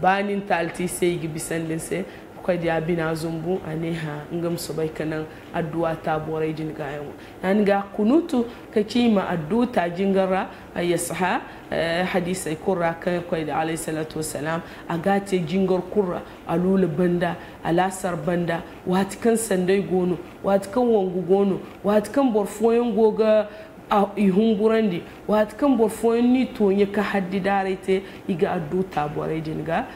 banin talti sai gi bisan sai kwa dia bina zumbu ane ha ngam bai kanan addu'a ta borai jin gayan nan ga kunutu ka kima addu'a ta jingara ayyasaha eh, hadisai kurra kan kwa da alayhi salatu wassalam agate jingar kurra lula banda alasar banda watkan sandai gono watkan wangu gono watkan kan goga a di wata kan bor ni to ka haddi darete eh, eh, eh, iga addu ta boray dinga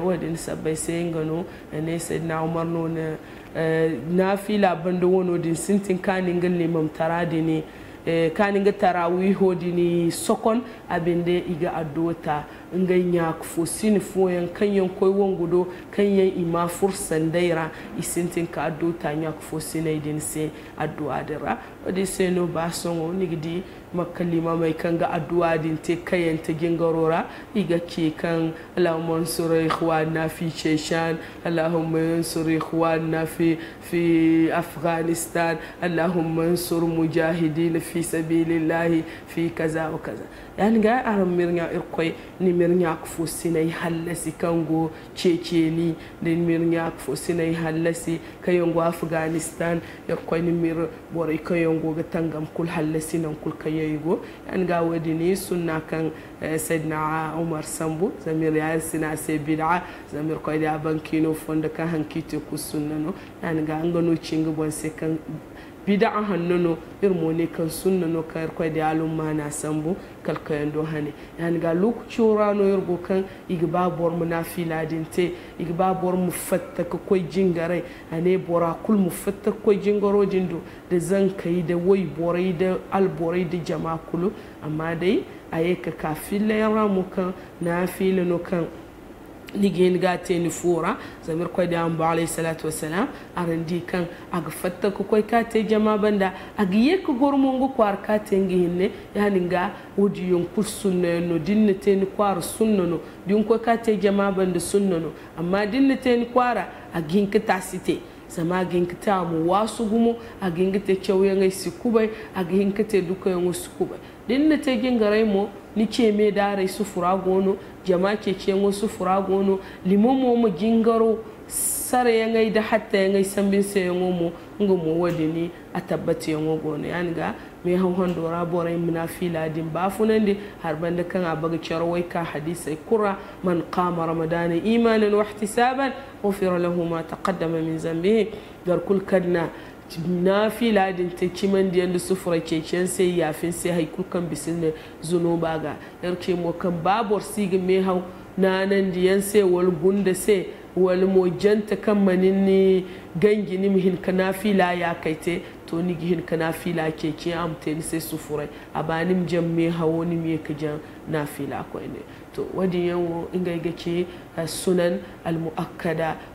wadin sabay sengano ne na umar no na na fila da wani din sintin kanin gan limam taradi ne kanin ga tarawiho dini sokon abinde iga addu ta nganya kan yan kanyen koiwon gudo yan ima fursan daira isintin ka ado tanya kufosini din se addu'a dira odi se no ba songo nigdi makalima mai ga addu'a din te kayan ta gingarora iga ke kan allahumma ansur ikhwana fi cheshan allahumma ansur ikhwana fi fi afghanistan allahumma ansur mujahidin fi sabilillah fi kaza wa kaza yani ga aramirnya irkoi ni mer nyak fo sina halasi kango checheni den mer nyak fo sina halasi kayongo afghanistan ya kwani mer bore kayongo ga tangam kul halasi nan kul kayayigo an ga wadini eh, sunna kan sayyidina umar sambu zamir ya sina se bid'a zamir ko da bankino fonda kan hankite ku sunna no an ga ngano cinga bon se kan bid'a hannuno wani kan no kai irko da ma na sambu kalkayan do hane yani ga lokaci rano yurgo kan igba bor munafila dinte igba bor mufatta ko koy jingare ane bora kul mufatta koy jingaro jindo da zan kai da wai borai da alborai da jama'a kulu amma dai aye ka kafin ramu kan na filin kan ligéen ga teni fura zamir koy de ambo alayhi salatu wassalam aran di kan aga fatta ku kai ka te jama banda aga yek gormo ngo kwar ka te ya ni ga wudi yon kul sunna no dinne teni kwar sunna no din ko ka te jama banda sunna no amma dinne teni kwara gin ka ta site zama ta mu wasu gumo a ginkita kyau yan ai sikubai a te duka yan wasu kubai dinne te garai mo Ni ce me niceme su sufura gono jama ce su sufura gono gingaro sare ya ngai da hatta yangai sambin sayango mo ngo mo wadi ni a tabbata yango gono yani ga me hauhan dora borai muna fila din ba funan di har da kan a baga wai ka hadisai kura man kama ramadana imanin wahtisaban ghufira lahu ma taqaddama min zambihi garkul kadna nafila din ta kiman da su sufura keken sai yafin sai haikukan bisin zuno ba ga yarke mo kan babor sigi me hau nan da yan sai wal gunda sai mojanta kan manin gangi mihin ka la ya kai kaite to ni gihin ka nafila keke amte ni sai sufura a banin jan mai hau ni mai ka jan nafila ko ne to wadin yan eh, sunan al muakkada